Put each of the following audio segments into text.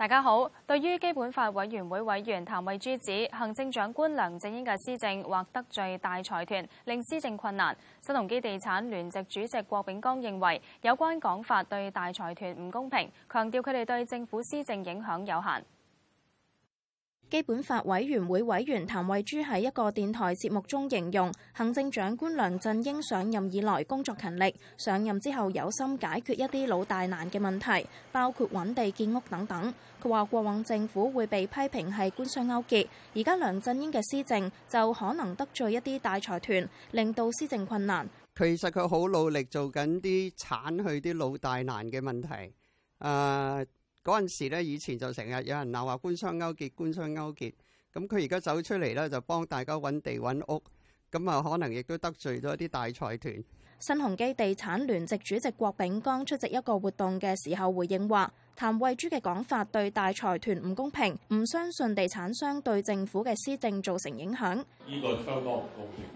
大家好。對於基本法委員會委員譚慧珠指行政長官梁振英嘅施政或得罪大財團，令施政困難，新鴻基地產聯席主席郭炳江認為有關講法對大財團唔公平，強調佢哋對政府施政影響有限。基本法委員會委員譚慧珠喺一個電台節目中形容，行政長官梁振英上任以來工作勤力，上任之後有心解決一啲老大難嘅問題，包括揾地建屋等等。佢話過往政府會被批評係官商勾結，而家梁振英嘅施政就可能得罪一啲大財團，令到施政困難，其實，佢好努力做緊啲剷去啲老大難嘅問題。誒、呃。嗰陣時咧，以前就成日有人鬧話官商勾結，官商勾結。咁佢而家走出嚟咧，就幫大家揾地揾屋。咁啊，可能亦都得罪咗一啲大財團。新鴻基地產聯席主席郭炳江出席一個活動嘅時候回應話，譚慧珠嘅講法對大財團唔公平，唔相信地產商對政府嘅施政造成影響。呢個相當唔公平。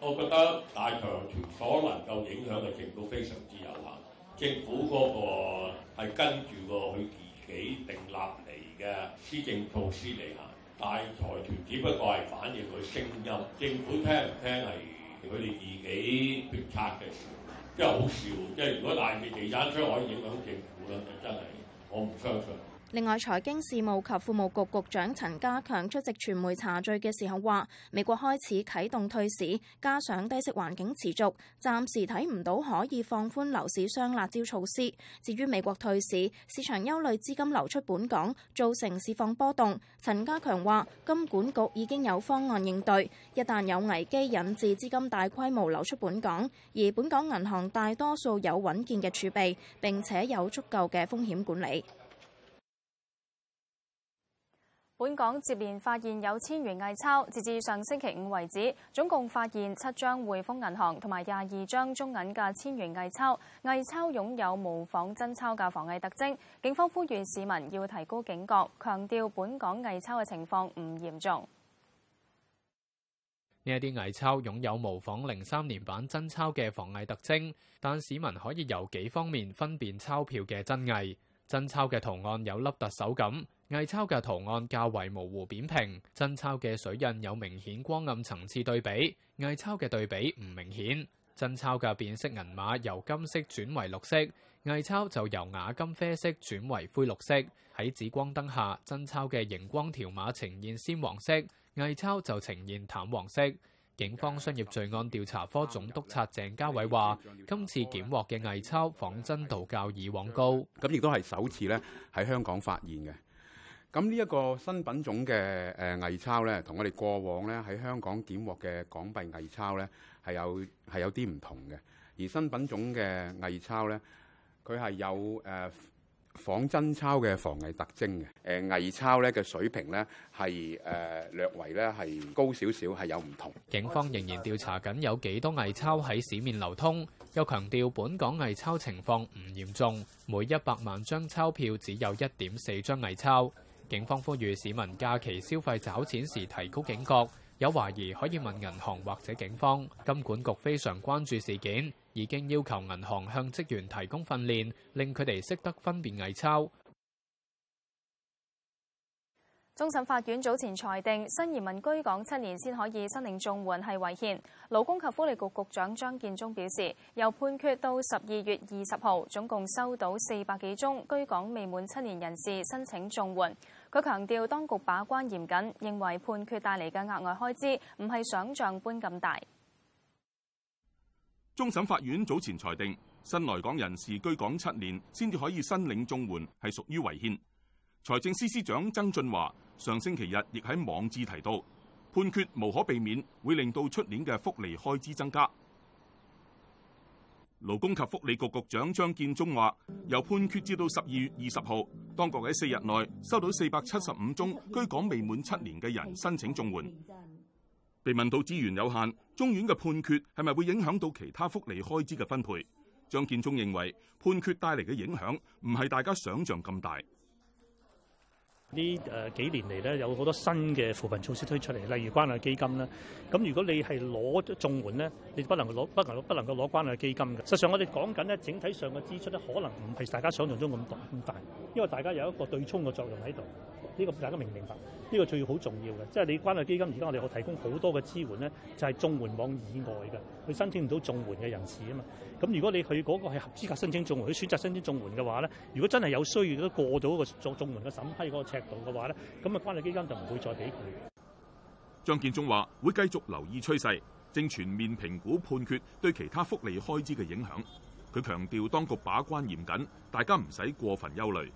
我覺得大強團所能夠影響嘅程度非常之有限。政府嗰個係跟住個佢自己定立嚟嘅施政措施嚟行，大財團只不過係反映佢聲音，政府聽唔聽係佢哋自己決策嘅事，真係好笑。即係如果大嘅地產商可以影響政府啦，就真係我唔相信。另外，財經事務及庫務局局長陳家強出席傳媒茶聚嘅時候話：美國開始啟動退市，加上低息環境持續，暫時睇唔到可以放寬樓市雙辣招措施。至於美國退市，市場憂慮資金流出本港，造成市況波動。陳家強話：金管局已經有方案應對，一旦有危機引致資金大規模流出本港，而本港銀行大多數有穩健嘅儲備，並且有足夠嘅風險管理。本港接連發現有千元偽鈔，截至上星期五為止，總共發現七張匯豐銀行同埋廿二張中銀嘅千元偽鈔。偽鈔擁有模仿真鈔嘅防偽特徵，警方呼籲市民要提高警覺，強調本港偽鈔嘅情況唔嚴重。呢一啲偽鈔擁有模仿零三年版真鈔嘅防偽特徵，但市民可以由幾方面分辨鈔票嘅真偽。真鈔嘅圖案有凹凸手感。偽鈔嘅圖案較為模糊扁平，真鈔嘅水印有明顯光暗層次對比，偽鈔嘅對比唔明顯。真鈔嘅變色銀碼由金色轉為綠色，偽鈔就由雅金啡色轉為灰綠色。喺紫光燈下，真鈔嘅熒光條碼呈現鮮黃色，偽鈔就呈現淡黃色。警方商業罪案調查科總督察鄭家偉話，今次檢獲嘅偽鈔仿真度較以往高，咁亦都係首次咧喺香港發現嘅。咁呢一個新品種嘅誒偽鈔咧，同我哋過往咧喺香港檢獲嘅港幣偽鈔咧係有係有啲唔同嘅。而新品種嘅偽鈔咧，佢係有誒仿真鈔嘅防偽特徵嘅。誒偽鈔咧嘅水平咧係誒略為咧係高少少，係有唔同。警方仍然調查緊有幾多偽鈔喺市面流通，又強調本港偽鈔情況唔嚴重，每一百萬張鈔票只有一點四張偽鈔。警方呼籲市民假期消費找錢時提高警覺，有懷疑可以問銀行或者警方。金管局非常關注事件，已經要求銀行向職員提供訓練，令佢哋識得分辨偽鈔。終審法院早前裁定，新移民居港七年先可以申領綜援係違憲，勞工及福利局局，局長張建宗表示，由判決到十二月二十號，總共收到四百幾宗居港未滿七年人士申請綜援。佢強調當局把關嚴謹，認為判決帶嚟嘅額外開支唔係想像般咁大。終審法院早前裁定，新來港人士居港七年先至可以申領綜援，係屬於違憲。財政司司長曾俊華上星期日亦喺網誌提到，判決無可避免會令到出年嘅福利開支增加。勞工及福利局局長張建宗話：由判決至到十二月二十號，當局喺四日內收到四百七十五宗居港未滿七年嘅人申請綜援。被問到資源有限，終院嘅判決係咪會影響到其他福利開支嘅分配？張建宗認為判決帶嚟嘅影響唔係大家想象咁大。呢誒幾年嚟咧，有好多新嘅扶貧措施推出嚟，例如關愛基金啦。咁如果你係攞綜援咧，你就不能夠攞不能不能夠攞關愛基金嘅。實際上我，我哋講緊咧整體上嘅支出咧，可能唔係大家想像中咁大，因為大家有一個對沖嘅作用喺度。呢個大家明唔明白？呢、呢個最要好重要嘅，即係你關愛基金而家我哋可提供好多嘅支援咧，就係、係、綜援網以外嘅，佢申請唔到綜援嘅人士啊嘛。咁如果你去嗰個係合資格申請綜援，佢選擇申請綜援嘅話咧，如果真係有需要都過到一個綜援嘅審批嗰個尺度嘅話咧，咁啊關愛基金就唔會再俾佢。張建宗話：會繼續留意趨勢，正全面評估判決對其他福利開支嘅影響。佢強調，當局把關嚴謹，大家唔使過分憂慮。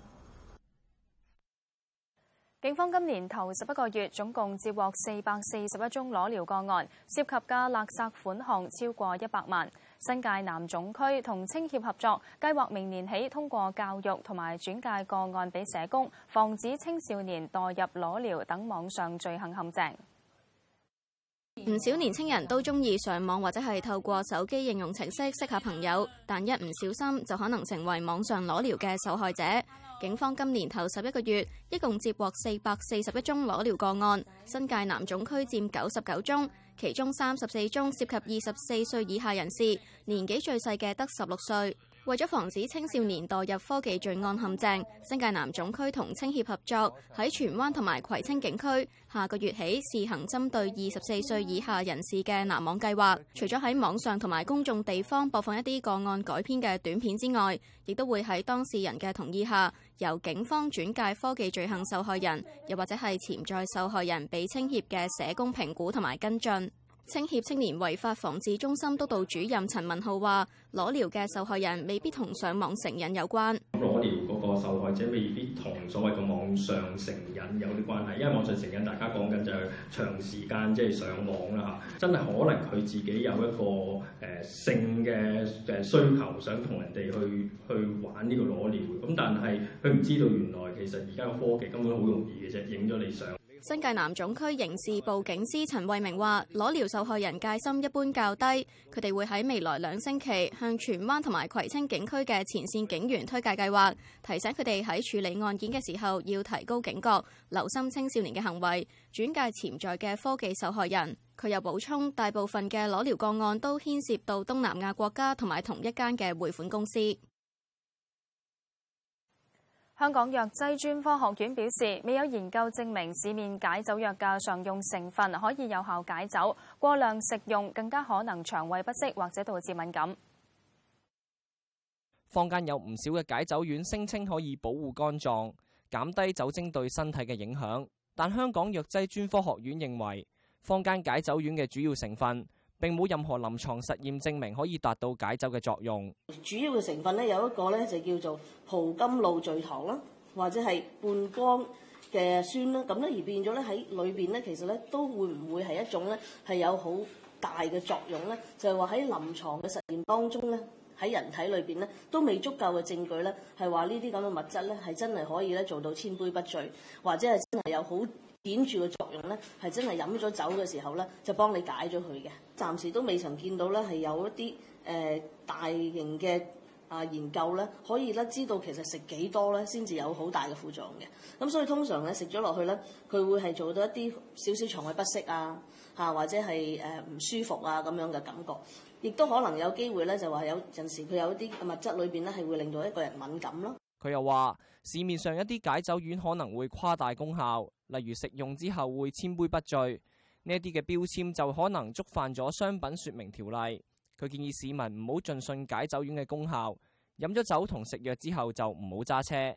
警方今年頭十一個月總共接獲四百四十一宗裸聊個案，涉及嘅勒索款項超過一百萬。新界南總區同青協合作，計劃明年起通過教育同埋轉介個案俾社工，防止青少年墮入裸聊等網上罪行陷阱。唔少年輕人都中意上網或者係透過手機應用程式識下朋友，但一唔小心就可能成為網上裸聊嘅受害者。警方今年頭十一個月，一共接獲四百四十一宗裸聊個案，新界南總區佔九十九宗，其中三十四宗涉及二十四歲以下人士，年紀最細嘅得十六歲。為咗防止青少年墮入科技罪案陷阱，新界南總區同青協合作喺荃灣同埋葵青警區，下個月起試行針對二十四歲以下人士嘅難網計劃。除咗喺網上同埋公眾地方播放一啲個案改編嘅短片之外，亦都會喺當事人嘅同意下，由警方轉介科技罪行受害人，又或者係潛在受害人被青協嘅社工評估同埋跟進。青協青年違法防治中心督導主任陳文浩話：裸聊嘅受害人未必同上網成癮有關。裸聊嗰個受害者未必同所謂嘅網上成癮有啲關係，因為網上成癮大家講緊就係長時間即係上網啦吓，真係可能佢自己有一個誒、呃、性嘅誒需求想跟，想同人哋去去玩呢個裸聊。咁但係佢唔知道原來其實而家嘅科技根本好容易嘅啫，影咗你相。新界南總區刑事部警司陳慧明話：裸聊受害人戒心一般較低，佢哋會喺未來兩星期向荃灣同埋葵青警區嘅前線警員推介計劃，提醒佢哋喺處理案件嘅時候要提高警覺，留心青少年嘅行為，轉介潛在嘅科技受害人。佢又補充，大部分嘅裸聊個案都牽涉到東南亞國家同埋同一間嘅匯款公司。香港藥劑專科學院表示，未有研究證明市面解酒藥嘅常用成分可以有效解酒，過量食用更加可能腸胃不適或者導致敏感。坊間有唔少嘅解酒丸聲稱可以保護肝臟、減低酒精對身體嘅影響，但香港藥劑專科學院認為，坊間解酒丸嘅主要成分。並冇任何臨床實驗證明可以達到解酒嘅作用。主要嘅成分咧有一個咧就叫做葡甘露聚糖啦，或者係半胱嘅酸啦，咁咧而變咗咧喺裏邊咧其實咧都會唔會係一種咧係有好大嘅作用咧？就係話喺臨床嘅實驗當中咧喺人體裏邊咧都未足夠嘅證據咧係話呢啲咁嘅物質咧係真係可以咧做到千杯不醉，或者係真係有好顯著嘅作用咧，係真係飲咗酒嘅時候咧，就幫你解咗佢嘅。暫時都未曾見到咧，係有一啲誒、呃、大型嘅啊、呃、研究咧，可以咧知道其實食幾多咧先至有好大嘅副作用嘅。咁所以通常咧食咗落去咧，佢會係做到一啲少少腸胃不適啊，嚇或者係誒唔舒服啊咁樣嘅感覺，亦都可能有機會咧就話有陣時佢有一啲物質裏邊咧係會令到一個人敏感咯。佢又話，市面上一啲解酒丸可能會誇大功效，例如食用之後會千杯不醉，呢一啲嘅標籤就可能觸犯咗商品說明條例。佢建議市民唔好盡信解酒丸嘅功效，飲咗酒同食藥之後就唔好揸車。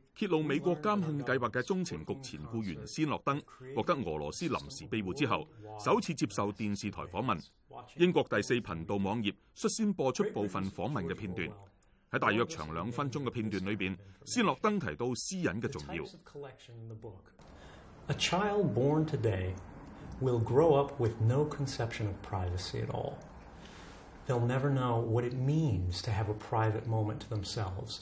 揭露美國監控計劃嘅中情局前雇員斯諾登獲得俄羅斯臨時庇護之後，首次接受電視台訪問。英國第四頻道網頁率先播出部分訪問嘅片段。喺大約長兩分鐘嘅片段裏邊，斯諾登提到私隱嘅重要。A child born today will grow up with no conception of privacy at all. They'll never know what it means to have a private moment to themselves.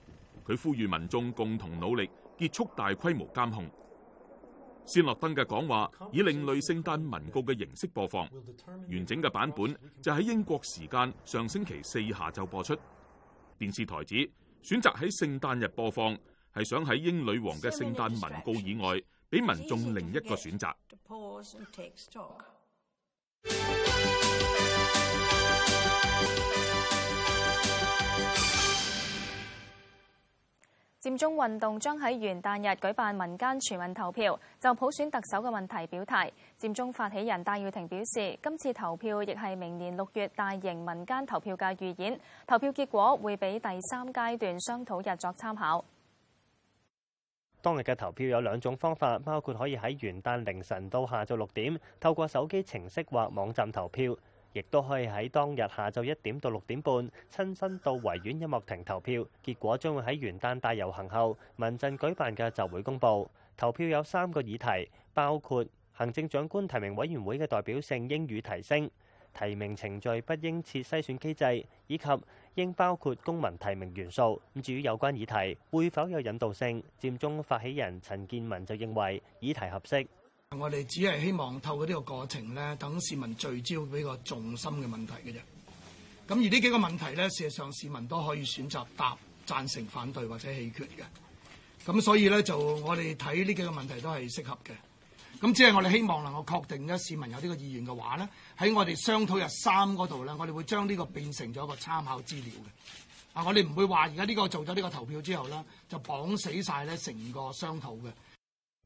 佢呼籲民眾共同努力結束大規模監控。斯諾登嘅講話以另類聖誕文告嘅形式播放，完整嘅版本，就喺英國時間上星期四下晝播出。電視台指選擇喺聖誕日播放係想喺英女王嘅聖誕文告以外，俾民眾另一個選擇。 佔中運動將喺元旦日舉辦民間全民投票，就普選特首嘅問題表態。佔中發起人戴耀廷表示，今次投票亦係明年六月大型民間投票嘅預演，投票結果會俾第三階段商討日作參考。當日嘅投票有兩種方法，包括可以喺元旦凌晨到下晝六點透過手機程式或網站投票。亦都可以喺當日下晝一點到六點半親身到維園音樂亭投票，結果將會喺元旦大遊行後民陣舉辦嘅集會公佈。投票有三個議題，包括行政長官提名委員會嘅代表性應予提升、提名程序不應設篩選機制，以及應包括公民提名元素。至於有關議題會否有引導性，佔中發起人陳建文就認為議題合適。我哋只係希望透過呢個過程咧，等市民聚焦俾個重心嘅問題嘅啫。咁而呢幾個問題咧，事實上市民都可以選擇答贊成、反對或者棄權嘅。咁所以咧，就我哋睇呢幾個問題都係適合嘅。咁只係我哋希望能夠確定咧，市民有呢個意願嘅話咧，喺我哋商討日三嗰度咧，我哋會將呢個變成咗一個參考資料嘅。啊，我哋唔會話而家呢個做咗呢個投票之後咧，就綁死晒咧成個商討嘅。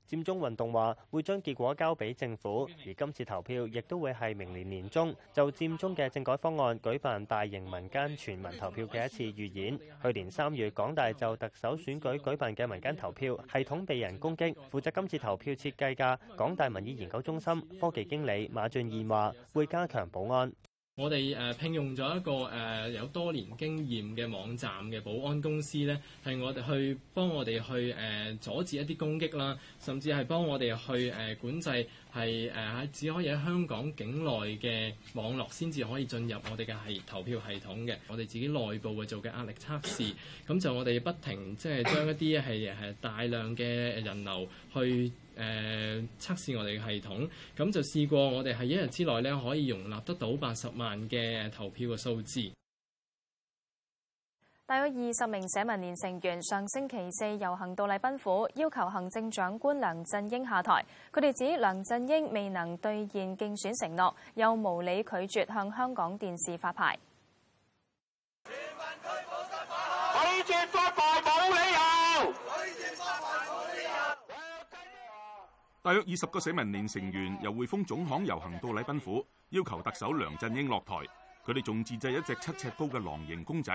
佔中運動話會將結果交俾政府，而今次投票亦都會係明年年中就佔中嘅政改方案舉辦大型民間全民投票嘅一次預演。去年三月港大就特首選舉舉辦嘅民間投票系統被人攻擊，負責今次投票設計嘅港大民意研究中心科技經理馬俊義話會加強保安。我哋誒聘用咗一個誒有多年經驗嘅網站嘅保安公司咧，係我哋去幫我哋去誒阻止一啲攻擊啦，甚至係幫我哋去誒管制，係誒只可以喺香港境內嘅網絡先至可以進入我哋嘅係投票系統嘅。我哋自己內部嘅做嘅壓力測試，咁就我哋不停即係將一啲係係大量嘅人流去。誒、呃、測試我哋嘅系統，咁就試過我哋喺一日之內咧可以容納得到八十萬嘅投票嘅數字。大約二十名社民連成員上星期四遊行到禮賓府，要求行政長官梁振英下台。佢哋指梁振英未能兌現競選承諾，又無理拒絕向香港電視發牌。大約二十個社民連成員由匯豐總行遊行到禮賓府，要求特首梁振英落台。佢哋仲自製一隻七尺高嘅狼形公仔。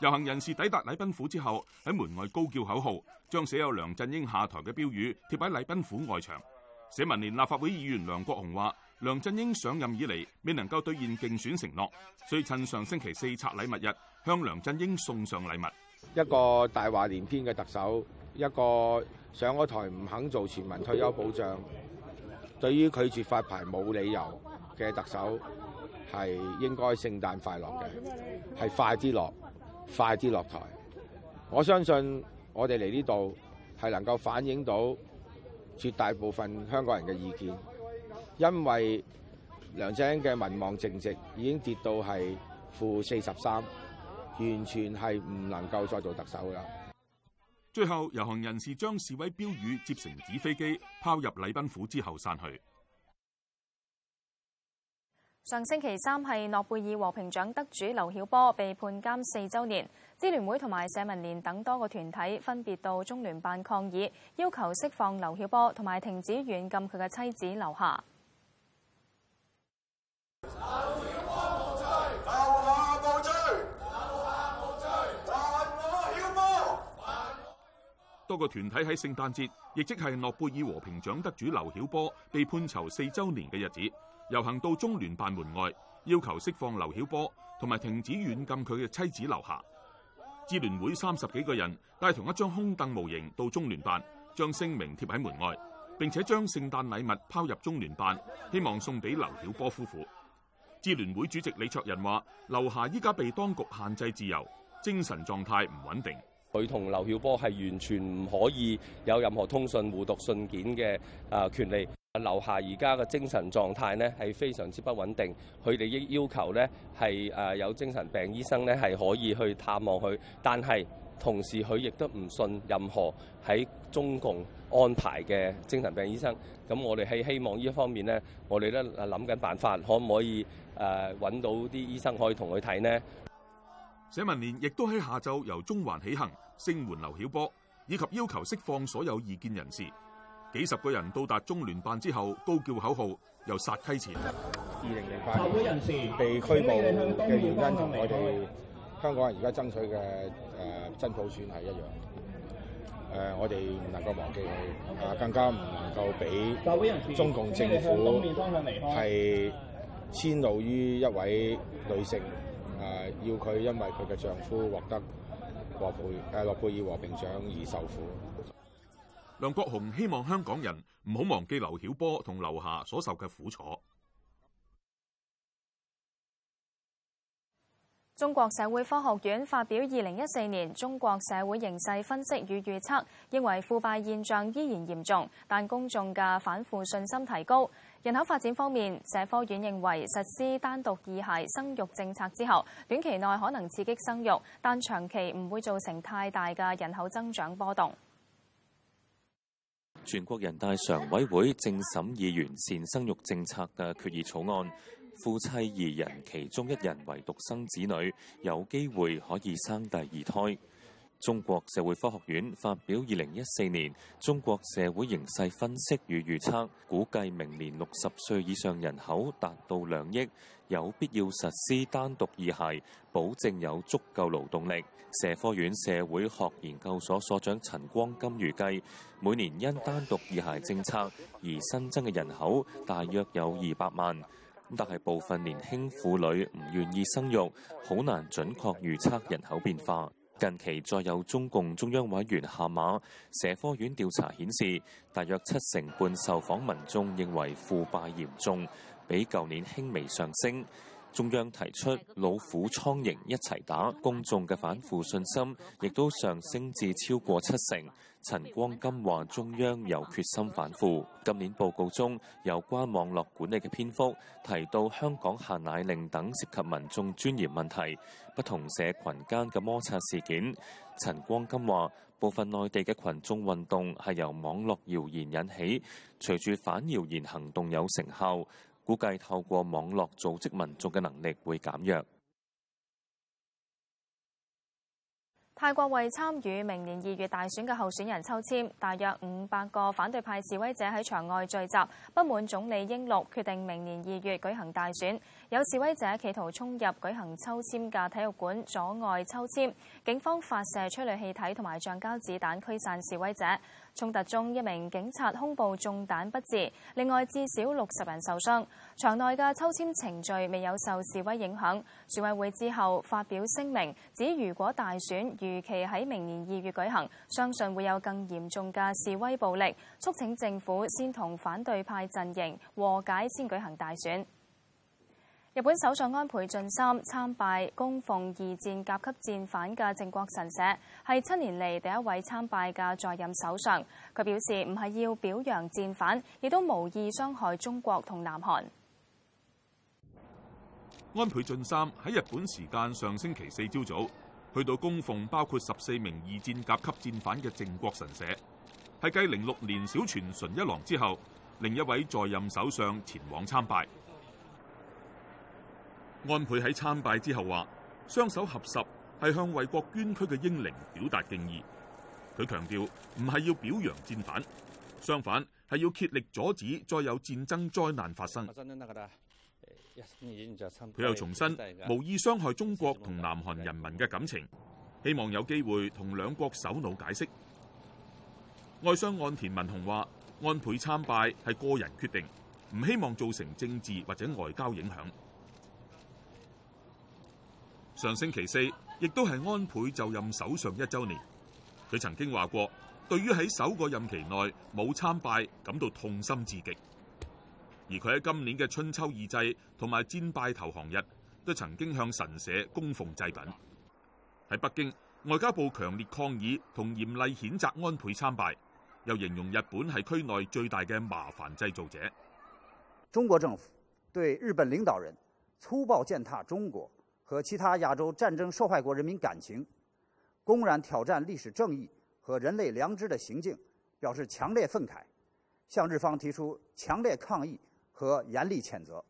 遊行人士抵達禮賓府之後，喺門外高叫口號，將寫有梁振英下台嘅標語貼喺禮賓府外牆。社民連立法會議員梁國雄話，梁振英上任以嚟未能夠兌現競選承諾，所以趁上星期四拆禮物日，向梁振英送上禮物。一個大話連篇嘅特首，一個上咗台唔肯做全民退休保障，對於拒絕發牌冇理由嘅特首，係應該聖誕快樂嘅，係快啲落，快啲落台。我相信我哋嚟呢度係能夠反映到絕大部分香港人嘅意見，因為梁振英嘅民望淨值已經跌到係負四十三。完全係唔能夠再做特首㗎。最後遊行人士將示威標語折成紙飛機拋入禮賓府之後散去。上星期三係諾貝爾和平獎得主劉曉波被判監四周年，支聯會同埋社民連等多個團體分別到中聯辦抗議，要求釋放劉曉波同埋停止軟禁佢嘅妻子劉霞。多個團體喺聖誕節，亦即係諾貝爾和平獎得主劉曉波被判囚四周年嘅日子，遊行到中聯辦門外，要求釋放劉曉波，同埋停止軟禁佢嘅妻子劉霞。支聯會三十幾個人帶同一張空凳模型到中聯辦，將聲明貼喺門外，並且將聖誕禮物拋入中聯辦，希望送俾劉曉波夫婦。支聯會主席李卓人話：劉霞依家被當局限制自由，精神狀態唔穩定。佢同劉曉波係完全唔可以有任何通訊、互讀信件嘅啊權利。留下而家嘅精神狀態呢，係非常之不穩定。佢哋要求呢，係啊有精神病醫生呢，係可以去探望佢，但係同時佢亦都唔信任何喺中共安排嘅精神病醫生。咁我哋係希望呢一方面呢，我哋咧諗緊辦法，可唔可以誒揾到啲醫生可以同佢睇呢？社民連亦都喺下晝由中環起行。聲援劉曉波，以及要求釋放所有異見人士。幾十個人到達中聯辦之後，高叫口號，又撒溪錢。二零零八年被拘捕嘅原因，同我哋香港人而家爭取嘅誒真普選係一樣。誒，我哋唔能夠忘記佢，啊，更加唔能夠俾中共政府係遷怒於一位女性。誒，要佢因為佢嘅丈夫獲得。諾貝爾和平獎已受苦。梁國雄希望香港人唔好忘記劉曉波同劉霞所受嘅苦楚。中國社會科學院發表二零一四年中國社會形勢分析與預測，認為腐敗現象依然嚴重，但公眾嘅反腐信心提高。人口發展方面，社科院認為實施單獨二孩生育政策之後，短期內可能刺激生育，但長期唔會造成太大嘅人口增長波動。全國人大常委會正審議完善生育政策嘅決議草案，夫妻二人其中一人為獨生子女，有機會可以生第二胎。中國社會科學院發表《二零一四年中國社會形勢分析與預測》，估計明年六十歲以上人口達到兩億，有必要實施單獨二孩，保證有足夠勞動力。社科院社會學研究所所所長陳光金預計，每年因單獨二孩政策而新增嘅人口大約有二百萬。但係部分年輕婦女唔願意生育，好難準確預測人口變化。近期再有中共中央委員下馬，社科院調查顯示，大約七成半受訪民眾認為腐敗嚴重，比舊年輕微上升。中央提出老虎蒼蠅一齊打，公眾嘅反腐信心亦都上升至超過七成。陳光金話中央有決心反腐。今年報告中有關網絡管理嘅篇幅，提到香港限奶令等涉及民眾尊嚴問題，不同社群間嘅摩擦事件。陳光金話部分內地嘅群眾運動係由網絡謠言引起，隨住反謠言行動有成效。估計透過網絡組織民眾嘅能力會減弱。泰國為參與明年二月大選嘅候選人抽籤，大約五百個反對派示威者喺場外聚集，不滿總理英六決定明年二月舉行大選。有示威者企圖衝入舉行抽籤嘅體育館，阻礙抽籤。警方發射催淚氣體同埋橡膠子彈驅散示威者。衝突中一名警察胸部中彈不治，另外至少六十人受傷。場內嘅抽籤程序未有受示威影響。選委會之後發表聲明，指如果大選如期喺明年二月舉行，相信會有更嚴重嘅示威暴力，促請政府先同反對派陣營和解，先舉行大選。日本首相安倍晉三參拜供奉二戰甲級戰犯嘅靖國神社，係七年嚟第一位參拜嘅在任首相。佢表示唔係要表揚戰犯，亦都無意傷害中國同南韓。安倍晉三喺日本時間上星期四朝早去到供奉包括十四名二戰甲級戰犯嘅靖國神社，係繼零六年小泉純一郎之後，另一位在任首相前往參拜。安倍喺參拜之後話，雙手合十係向為國捐軀嘅英靈表達敬意。佢強調唔係要表揚戰犯，相反係要竭力阻止再有戰爭災難發生。佢又重申，無意傷害中國同南韓人民嘅感情，希望有機會同兩國首腦解釋。外相岸田文雄話，安倍參拜係個人決定，唔希望造成政治或者外交影響。上星期四，亦都係安倍就任首相一周年。佢曾經話過，對於喺首個任期內冇參拜感到痛心至極。而佢喺今年嘅春秋二祭同埋戰敗投降日，都曾經向神社供奉祭品。喺北京，外交部強烈抗議同嚴厲譴責安倍參拜，又形容日本係區內最大嘅麻煩製造者。中國政府對日本領導人粗暴踐踏中國。和其他亞洲戰爭受害國人民感情，公然挑戰歷史正義和人類良知的行徑，表示強烈憤慨，向日方提出強烈抗議和嚴厲譴責。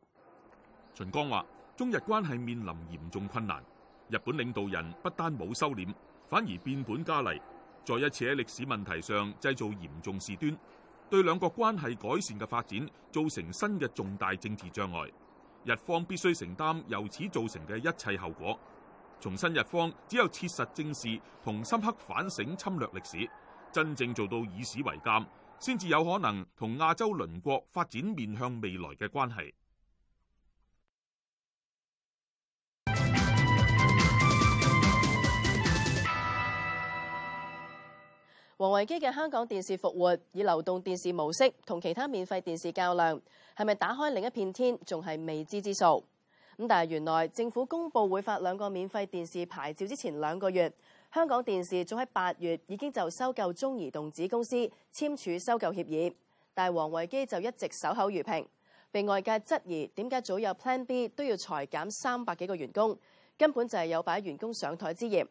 秦剛話：中日關係面臨嚴重困難，日本領導人不單冇收斂，反而變本加厲，再一次喺歷史問題上製造嚴重事端，對兩國關係改善嘅發展造成新嘅重大政治障礙。日方必須承擔由此造成嘅一切後果。重申，日方只有切實正視同深刻反省侵略歷史，真正做到以史為鑑，先至有可能同亞洲鄰國發展面向未來嘅關係。王維基嘅香港電視復活，以流動電視模式同其他免費電視較量，係咪打開另一片天，仲係未知之數。咁但係原來政府公布會發兩個免費電視牌照之前兩個月，香港電視早喺八月已經就收購中移動子公司簽署收購協議，但係王維基就一直守口如瓶，被外界質疑點解早有 Plan B 都要裁減三百幾個員工，根本就係有擺員工上台之嫌。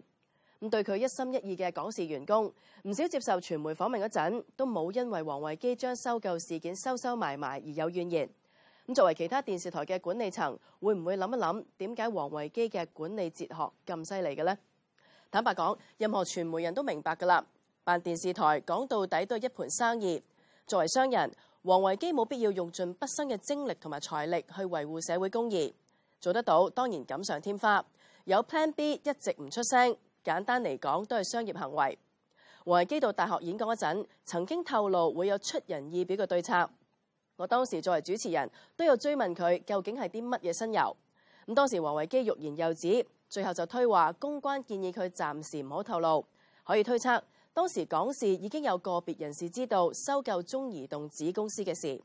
對佢一心一意嘅港視員工，唔少接受傳媒訪問嗰陣，都冇因為王維基將收購事件收收埋埋而有怨言。咁作為其他電視台嘅管理層，會唔會諗一諗點解王維基嘅管理哲學咁犀利嘅呢？坦白講，任何傳媒人都明白噶啦，辦電視台講到底都係一盤生意。作為商人，王維基冇必要用盡畢生嘅精力同埋財力去維護社會公義，做得到當然錦上添花，有 Plan B 一直唔出聲。簡單嚟講，都係商業行為。王維基到大學演講嗰陣，曾經透露會有出人意表嘅對策。我當時作為主持人，都有追問佢究竟係啲乜嘢新遊。咁當時王維基欲言又止，最後就推話公關建議佢暫時唔好透露。可以推測，當時港視已經有個別人士知道收購中移動子公司嘅事。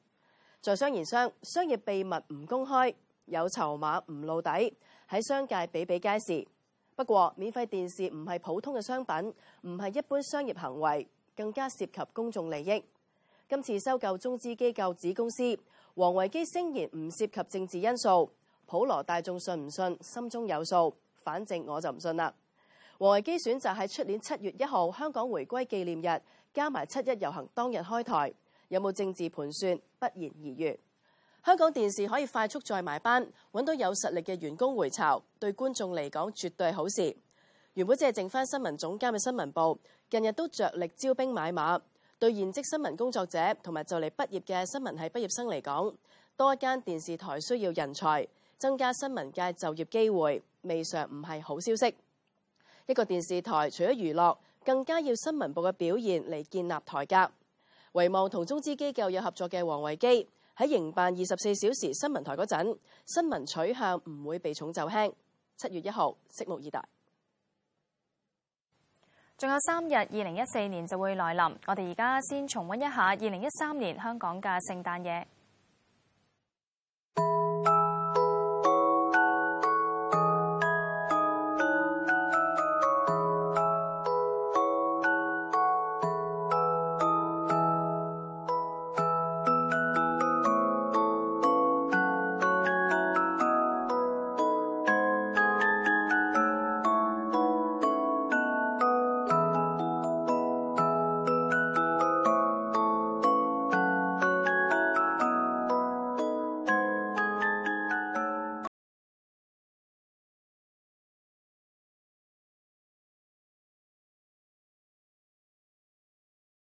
在商言商，商業秘密唔公開，有籌碼唔露底，喺商界比比皆是。不過，免費電視唔係普通嘅商品，唔係一般商業行為，更加涉及公眾利益。今次收購中資機構子公司，王維基聲言唔涉及政治因素，普羅大眾信唔信心中有數，反正我就唔信啦。王維基選擇喺出年七月一號香港回歸紀念日，加埋七一遊行當日開台，有冇政治盤算，不言而喻。香港電視可以快速再買班，揾到有實力嘅員工回巢，對觀眾嚟講絕對好事。原本只係剩翻新聞總監嘅新聞部，近日都着力招兵買馬，對現職新聞工作者同埋就嚟畢業嘅新聞系畢業生嚟講，多一間電視台需要人才，增加新聞界就業機會，未嘗唔係好消息。一個電視台除咗娛樂，更加要新聞部嘅表現嚟建立台格。遺望同中資機構有合作嘅王維基，喺營辦二十四小時新聞台嗰陣，新聞取向唔會避重就輕。七月一號，拭目以待。仲有三日，二零一四年就會來臨。我哋而家先重溫一下二零一三年香港嘅聖誕夜。